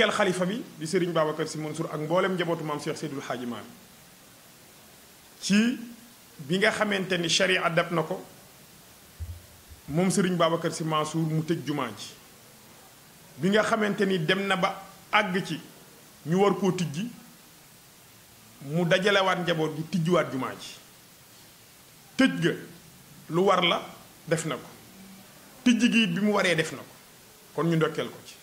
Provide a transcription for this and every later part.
ndokkeel xalifa bi sëriñ Babacar Sy Mansour ak mboolem njabootu maam Cheikh Seydil Hadji Malick ci bi nga xamante ni charia dab na ko moom sëriñ Babacar Sy Mansour mu tëj jumaa ji bi nga xamante ni dem na ba àgg ci ñu war koo tijji mu dajalewaat njaboot gi tijjiwaat jumaa ji tëj ga lu war la def na ko tijji gi bi mu waree def na ko kon ñu ndokkeel ko ci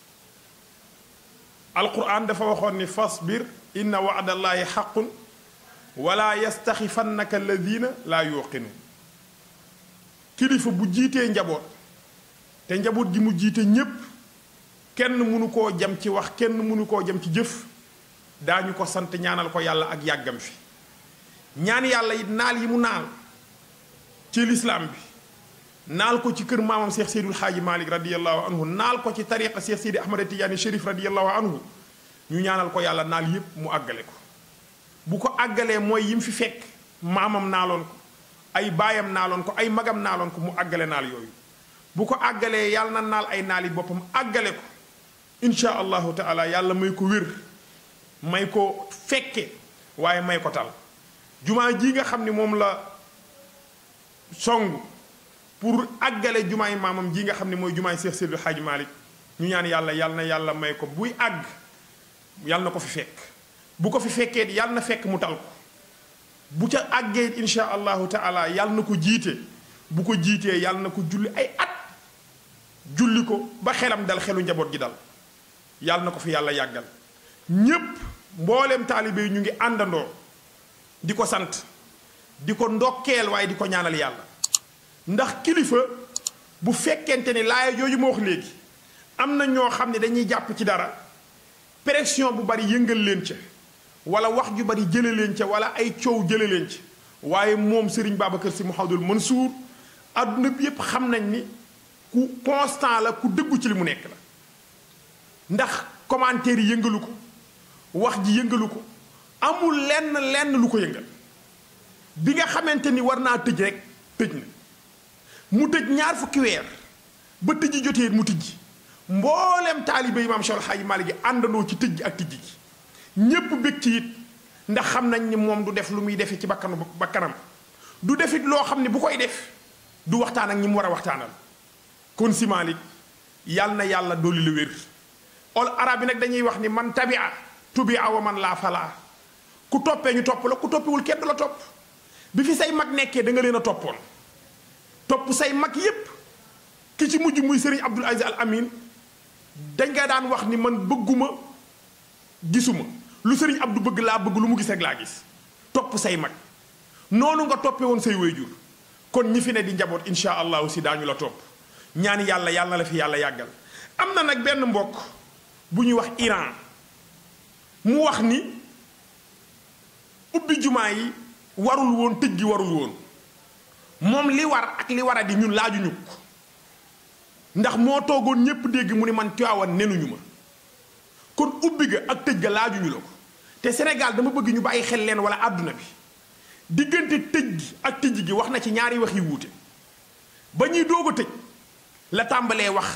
alquran dafa waxoon ni fasbir inna waadallaahi xaqun wala yastaxifannaka alladina laa yuqinu kilifa bu jiitee njaboot te njaboot gi mu jiite ñépp kenn mënu koo jam ci wax kenn mënu koo jam ci jëf daañu ko sant ñaanal ko yàlla ak yàggam fi ñaan yàlla it naal yi mu naal ci lislaam bi naal ko ci kër maamam Cheikh Seydil Xaaji Malick radiyallahu anhu naal ko ci tariqa Cheikh Seydi Ahmad Tidiane Chérif radiyallahu anhu ñu ñaanal ko yàlla naal yépp mu àggale ko bu ko àggalee mooy yim fi fekk maamam naaloon ko ay baayam naaloon ko ay magam naaloon ko mu àggale naal yooyu bu ko àggalee yàlla na naal ay naal yi boppam àggale ko insha allahu taala yàlla may ko wér may ko fekke waaye may ko tal jumaa ji nga xam ni moom la song pour àggale jumaay maamam ji nga xam ne mooy jumaay Cheikh Seydil Hadji Malick ñu ñaan yàlla yàlla na yàlla may ko buy àgg yàlla na ko fi fekk bu ko fi fekkee yàlla na fekk mu tal ko bu ca àggee insha allahu taala yàlla na ko jiite bu ko jiitee yàlla na ko julli ay at julli ko ba xelam dal xelu njaboot gi dal yàlla na ko fi yàlla yàggal ñépp mbooleem taalibe yi ñu ngi àndandoo di ko sant di ko ndokkeel waaye di ko ñaanal yàlla ndax kilifa bu fekkente ni laaya yooyu ma wax léegi am na ñoo xam ne dañuy jàpp ci dara pression bu bari yëngal leen ca wala wax ju bari jële leen ca wala ay coow jële leen ca waaye moom kër si Babacar xaw Mouhamadoul Mansour adduna àdduna yépp xam nañ ni ku constant la ku dëggu ci li mu nekk la ndax commentaire yëngalu ko wax ji yëngalu ko amul lenn lenn lu ko yëngal bi nga xamante ni war naa tëj rek tëj na mu tëj ñaar fukki weer ba tëjji jotee mu tijji mbooleem taalibe yi maam Cheikh Alxaaji Maalik gi àndandoo ci tëjji ak tijji gi ñépp bég ci it ndax xam nañ ni moom du def lu muy defe ci bakkanu bakkanam du def it loo xam ne bu koy def du waxtaan ak ñi mu war a waxtaanal kon si Maalik yàlla na yàlla dooli la wér ol arab bi nag dañuy wax ni man tabia tubia wa man laa falaa ku toppee ñu topp la ku toppiwul kenn du la topp bi fi say mag nekkee da nga leen a toppoon topp say mag yépp ki ci mujj muy sëriñ Abdoul Aziz Al Amin dañ nga daan wax ni man bëgguma gisuma lu Serigne Abdou bëgg laa bëgg lu mu gis rek laa gis topp say mag noonu nga toppe woon say wayjur kon ñi fi ne di njaboot insha allahu si daañu la topp ñaan yàlla yàlla na la fi yàlla yàggal am na nag benn mbokk bu ñuy wax Iran mu wax ni ubbi jumaa yi warul woon tëj gi warul woon moom li war ak li war di ñun laajuñu ko ndax moo toogoon ñépp dégg mu ni man Tiwaawan nenuñu ma kon ubbi ga ak tëj ga laajuñu la ko te Sénégal dama bëgg ñu ay xel leen wala àdduna bi diggante tëj gi ak tëj gi wax na ci ñaari wax yi wuute ba ñuy doog a tëj la tàmbalee wax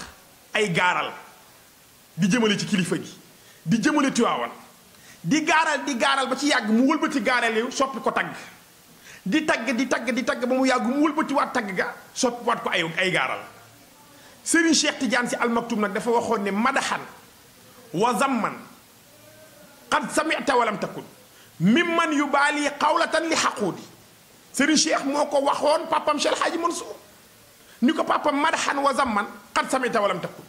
ay gaaral di jëmale ci kilifa gi di jëmale tiwaawal di gaaral di gaaral ba ci yàgg mu wëlbati gaaral yu soppi ko tagg di tagg di tagg di tagg ba mu yàgg mu wëlbatiwaat tagg ga soppiwaat ko ay ay gaaral Serigne Cheikh Tidiane si almaktum nag dafa waxoon ni madaxan wa zamman qad samita walam takun mimman yu baali xawlatan li xaquudi Serigne Cheikh moo ko waxoon papam Cheikh Hadji Mansour ni ko papam madaxan wa zamman qad samita walam takun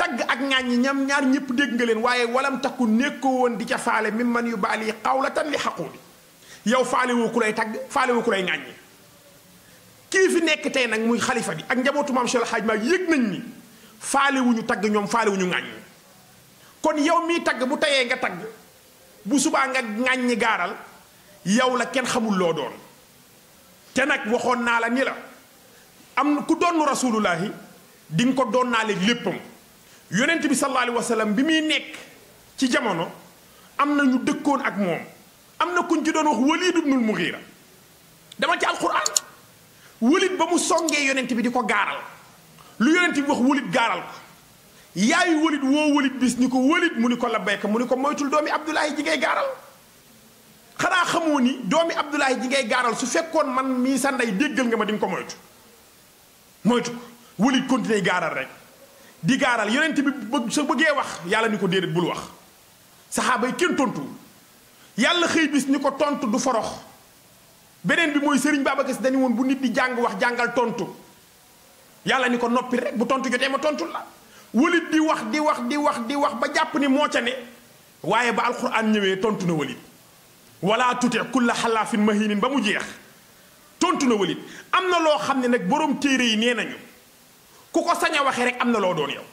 tagg ak ñaaññi ñam ñaar ñëpp dégg nga leen waaye walam takun nekkoo woon di ca faale mimman yu baali tan li xaquudi yow faale woo ku lay tagg faale woo ku lay ŋàññi kii fi nekk tey nag muy xalifa bi ak njabootu maam Cheikh Alhaaj Maalik yëg nañ ni faale wu ñu tagg ñoom faale wu ñu kon yow miy tagg bu tayee nga tagg bu subaa nga ŋàññi gaaral yow la kenn xamul loo doon te nag waxoon naa la ni la am ku doon rasulullahi di ko doon naa leeg léppam yonent bi sallallahu alayhi bi muy nekk ci jamono am na ñu dëkkoon ak moom am na kuñ ci doon wax Walid ibnul Mughira dama ci alquran Walid ba mu songee yonent bi di ko gaaral lu yonent bi wax Walid gaaral ko yaayu Walid woo Walid bis ni ko Walid mu ni ko labbayka mu ni ko moytul doomi Abdoulaye ji ngay gaaral xanaa xamoo ni doomi Abdoulaye ji ngay gaaral su fekkoon man mii sa ndey déggal nga ma di nga ko moytu moytu ko Walid continuer gaaral rek di gaaral yonent bi sa bëggee wax yàlla ni ko déedéet bul wax saxaaba yi kenn tontuwul yàlla xëy bis ni ko tontu du forox beneen bi mooy sëriñ Babacar gis dañu woon bu nit di jàng wax jàngal tontu yàlla ni ko noppi rek bu tontu jotee ma tontu la walit di wax di wax di wax di wax ba jàpp ni moo ca ne waaye ba alxuraan ñëwee tontu na walit wala tute kulla xalaafin mahinin ba mu jeex tontu na walit am na loo xam ne nag boroom téere yi nee nañu ku ko sañ a waxee rek am na loo doon yow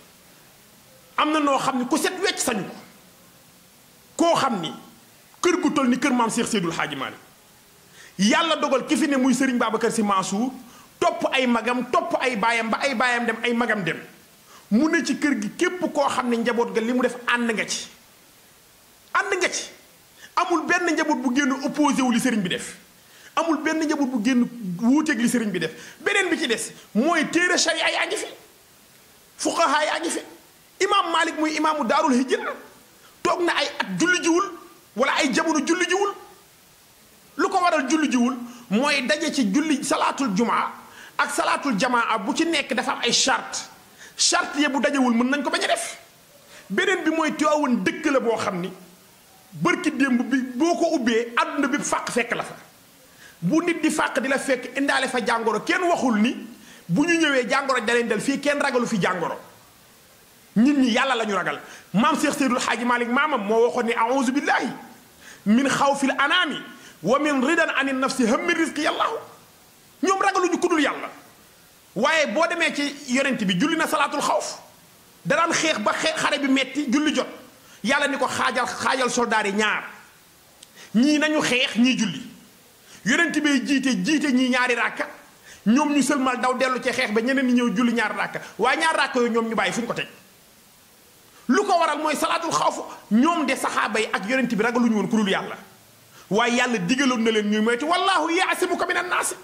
am na noo xam ne ku set wecc sañu ko koo xam ni kër gu toll ni kër maam Cheikh Seydul Hadji Malick yàlla dogal ki fi ne muy Serigne Babacar Sy Mansour topp ay magam topp ay baayam ba ay baayam dem ay magam dem mu ne ci kër gi képp koo xam ne njaboot ga li mu def ànd nga ci ànd nga ci amul benn njaboot bu génn opposé li sëriñ bi def amul benn njaboot bu génn wuuteeg li sëriñ bi def beneen bi ci des mooy téere sharia yaa ngi fi fuqaha yaa ngi fi imaam Malik muy imaamu daarul hijra mooy daje ci julli salaatul jumaa ak salaatul jamaa bu ci nekk dafa am ay charte charte ya bu dajewul mën nañ ko ba a def beneen bi mooy Tiwaawan dëkk la boo xam ni bërki démb bi boo ko ubbee àdduna bi fàq fekk la fa bu nit di fàq di la fekk indaale fa jàngoro kenn waxul ni bu ñu ñëwee jàngoro da dal fii kenn ragalu fi jàngoro nit ñi yàlla lañu ragal maam Cheikh Seydul Xaaji Malick maamam moo waxoon ni a'uuzu billahi min xawfil anaami wa min ridan anin nafsi hammi rizqi yàllaahu ñoom ragaluñu kudul yàlla waaye boo demee ci yonent bi julli na salaatul xawf da daan xeex ba xeex xare bi metti julli jot yàlla ni ko xaajal xaajal soldaar yi ñaar ñii nañu xeex ñii julli yonent bay jiite jiite ñii ñaari ràkka ñoom ñu sëlmal daw dellu ci xeex ba ñeneen ñi ñëw julli ñaari ràkka waaye ñaar ràkka yooyu ñoom ñu bàyyi fu ñu ko teg lu ko waral mooy salaatul xawf ñoom de saxaaba yi ak yonent bi ragaluñu woon ku dul yàlla waaye yàlla digaloon na leen ñuy moytu wallaahu yaasimuka mina naasi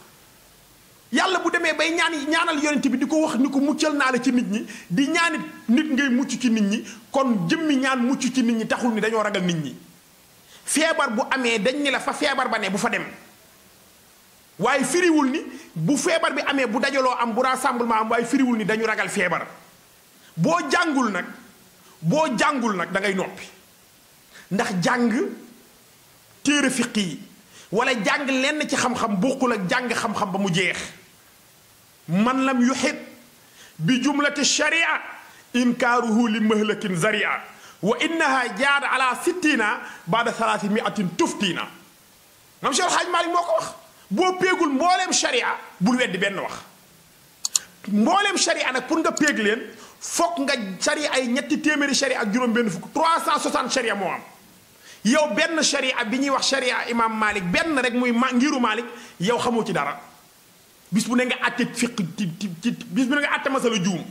yàlla bu demee bay ñaan ñaanal yonent bi di ko wax ni ko muccal naa la ci nit ñi di ñaanit nit ngay mucc ci nit ñi kon jëmmi ñaan mucc ci nit ñi taxul ni dañoo ragal nit ñi feebar bu amee dañ ni la fa feebar ba ne bu fa dem waaye firiwul ni bu feebar bi amee bu dajaloo am bu rassemblement am waaye firiwul ni dañu ragal feebar boo jàngul nag boo jàngul nag dangay ngay noppi ndax jàng téere fiq yi wala jàng lenn ci xam-xam bokkul ak jàng xam-xam ba mu jeex man lam yuxit bi jumlati sharia inkaaruhu li mahlakin zaria wa innaha jaad ala sittina baada salaati miatin tuftina mam Cheikh Alhaaj Malik moo ko wax boo péegul mbooleem sharia bul weddi benn wax mbooleem sharia nag pour nga péeg leen foog nga sharia ay ñetti téeméeri sharia ak juróom benn fukk 360 sharia moo am yow benn sharia bi ñuy wax sharia imam Malik benn rek muy ngiru Malik yow xamoo ci dara bis bu ne nga àtte fiq ci ci bis bu ne nga àtte masala juum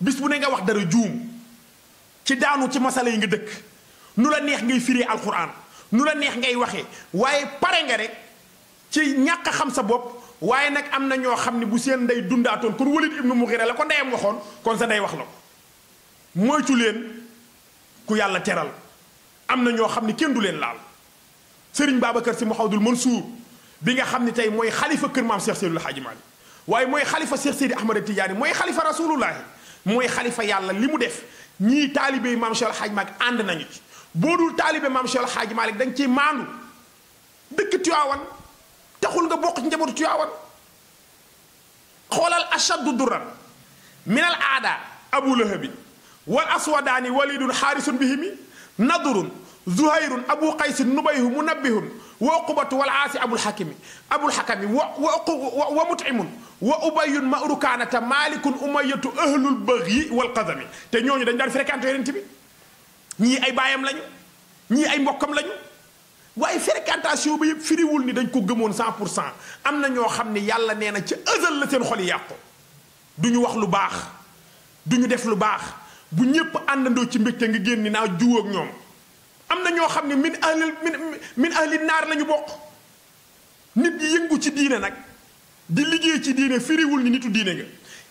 bis bu ne nga wax dara juum ci daanu ci masala yi nga dëkk nu la neex ngay firee alquran nu la neex ngay waxee waaye pare nga rek ci ñàkk xam sa bopp waaye nag am na ñoo xam ne bu seen ndey dundaatoon kon Walid ibnu Mughira la ko ndeyam waxoon kon sa ndey wax la moytu leen ku yàlla teral am na ñoo xam ne kenn du leen laal Serigne Babacar Sy Mouhamadoul Mansour bi nga xam ne tey mooy xalifa kër maam Cheikh Seydil Hadji Malick waaye mooy xalifa Cheikh Seydi Ahmada Tidiane mooy xalifa rasulullahi mooy xalifa yàlla li mu def ñii taalibe yi maam Cheikh Hadji Malick ànd nañu ci boo dul taalibe maam Cheikh Hadji Malick da nga ciy maandu dëkk Tiwaawan taxul nga bokk ci njabootu Tiwaawan xoolal ashaddu durran min al aada abu lahabin wal aswadaani walidun xaarisun bihimi nadrun zuhayrun abu qaysin nubayhu munabbihun wa uqubatu wal aasi abul xakimi abul xakami wa wa wa mut'imun wa ubayun ma'rukaanata maalikun umayatu ahlul bagyi wa qadami te ñooñu dañ daan fréquenté yonent bi ñii ay baayam lañu ñii ay mbokkam lañu waaye fréquentation ba yëpp firiwul ni dañ ko gëmoon cent pour cent am na ñoo xam ne yàlla nee na ca ësal la seen xol yi yàqu du ñu wax lu baax du ñu def lu baax bu ñëpp àndandoo ci mbégte ngi génn naa juwóog ñoom am na ñoo xam ne min ahli min min ahli naar lañu bokk nit ñi yëngu ci diine nag di liggéey ci diine firiwul ni nitu diine nga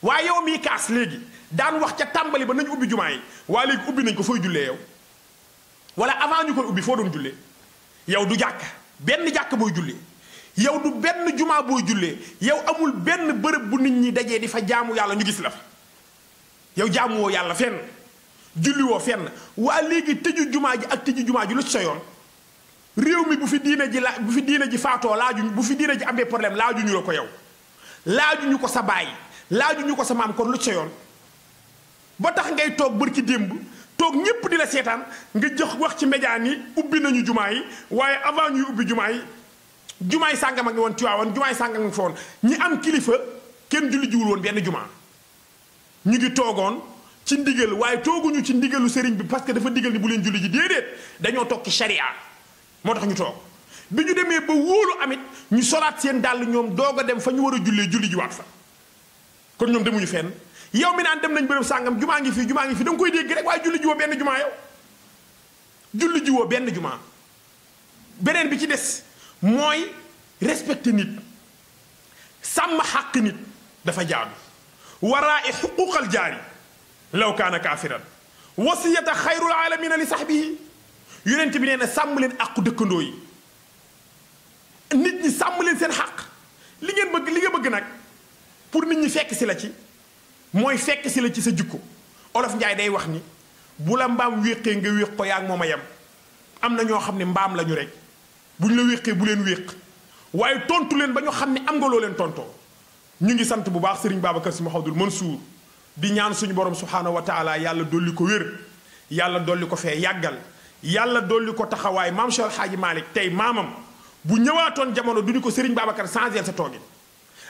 waaye yow mii kaas léegi daan wax ca tàmbali ba nañu ubbi jumaa yi waaye léegi nañ ko fooy jullee yow wala avant ñu koy ubbi foo doon jullee yow du jàkk benn jàkk booy jullee yow du benn jumaa booy jullee yow amul benn bërëb bu nit ñi dajee di fa jaamu yàlla ñu gis la fa yow jaamuwoo yàlla fenn woo fenn waa léegi tëju jumaa ji ak tëju jumaa ji lu ci sa yoon réew mi bu fi diine ji la bu fi diine ji faatoo laajuñ bu fi diine ji amee problème laajuñu la ko yow laajuñu ko sa baay laajuñu ko sa maam kon lu ci sa yoon ba tax ngay toog bërki démb toog ñépp di la seetaan nga jox wax ci média ni ubbi nañu jumaa yi waaye avant ñuy ubbi jumaa yi jumaa yi sàngam ngi woon Tiwaawan jumaa yi sàngam a ngi fa woon ñi kilifa kenn julli jiwul woon benn jumaa ñu ngi toogoon ci ndigal waaye tooguñu ci ndigalu sëriñ bi parce que dafa digal ni bu leen julli ji déedéet dañoo toog ci charia moo tax ñu toog bi ñu demee ba wóolu amit ñu solaat seen dàll ñoom doog a dem fa ñu war a jullee julli ji waat fa kon ñoom demuñu fenn yow mi naan dem nañ bërëb sàngam jumaa ngi fii jumaa ngi fii da nga koy dégg rek waaye julli jiwoo benn jiwoo benn jumaa beneen bi ci des mooy respecter nit sàmm xàq nit dafa jaadu waraa'i xuquuqal jaari law kaana kaafiran wasiyata xayrul aalamiina li sax saxbihi yonent bi nee na sàmm leen àqu dëkkandoo yi nit ñi sàmm leen seen xaq li ngeen bëgg li nga bëgg nag pour nit ñi fekk si la ci mooy fekk si la ci sa jikko olof njaay day wax ni bu la mbaam wéqee nga wéq ko yaa ngi moom a yem am na ñoo xam ne mbaam lañu ñu rek bu ñu la wéqee bu leen wéq waaye tontu leen ba ñu xam ne am nga loo leen tontoo ñu ngi sant bu baax sëriñ Babacar Sy Mouhamadoul Mansour di ñaan suñu borom subhaanahu wa taala yàlla dolli ko wér yàlla dolli ko fee yàggal yàlla dolli ko taxawaay maam Cheikh Alhaaji Malick tey maamam bu ñëwaatoon jamono duñu ko sëriñ Babacar changé sa toogin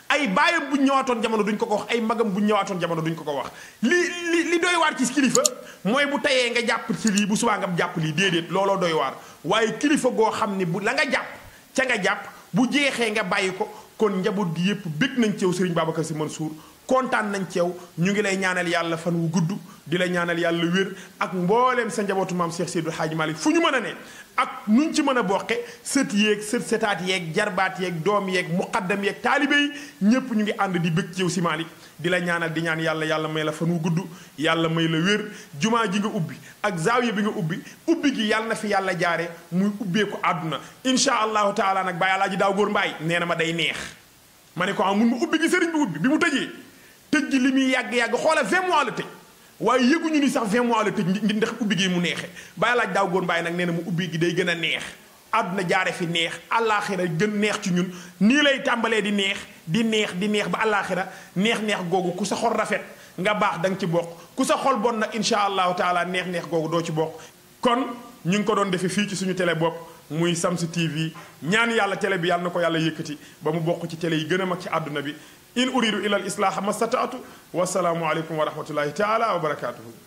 ay baayam bu ñëwaatoon jamono duñ ko ko wax ay magam bu ñëwaatoon jamono duñ ko ko wax li li li doy ci kilifa mooy bu tayee nga jàpp ci lii bu subaa nga jàpp lii déedéet looloo doy waar waaye kilifa goo xam ne bu la nga jàpp ca nga jàpp bu jeexee nga bàyyi ko kon njaboot gi yëpp bég nañ ceew Serigne si man suur kontaan nañ ceew ñu ngi lay ñaanal yàlla fan wu gudd di la ñaanal yàlla wér ak mbooleem sa njabootumaam maam Cheikh Seydou Hadj Malick fu ñu mën a ne ak nuñ ci mën a boqe sët yeeg sët setaat yeeg jarbaat yeeg doom yeeg muqaddam yeeg taalibe yi ñépp ñu ngi ànd di bëgg ci yow si Malick di la ñaanal di ñaan yàlla yàlla may la fan wu gudd yàlla may la wér jumaa ji nga ubbi ak zaawiya bi nga ubbi ubbi gi yàlla na fi yàlla jaare muy ubbeeku àdduna incha allahu taala nag bàyyi alaaji daaw góor mbaay nee na ma day neex ma ne ko ah mun mu ubbi gi sëriñ bi bi mu tëjee tëj gi li muy yàgg-yàgg xoola vingt waaye yëguñu ni sax 20 mois la tëj ngir ndax ubbi gi mu neexee bàyyi laaj daaw góor bàyyi nag nee na mu ubbi gi day gën a neex àdduna jaare fi neex àllaaxira gën neex ci ñun nii lay tàmbalee di neex di neex di neex ba àllaaxira neex-neex googu ku sa xol rafet nga baax danga ci bokk ku sa xol bon nag incha allahu taala neex-neex googu doo ci bokk kon ñu ngi ko doon defee fii ci suñu télé bopp muy Shamsu TV ñaan yàlla télé bi yàlla na ko yàlla yëkkati ba mu bokk ci télé yi gën a ci àdduna bi in uridu ila al islaha ma stataatu wasalaamu aleykum wa rahmatullahi taala wa barakatuhu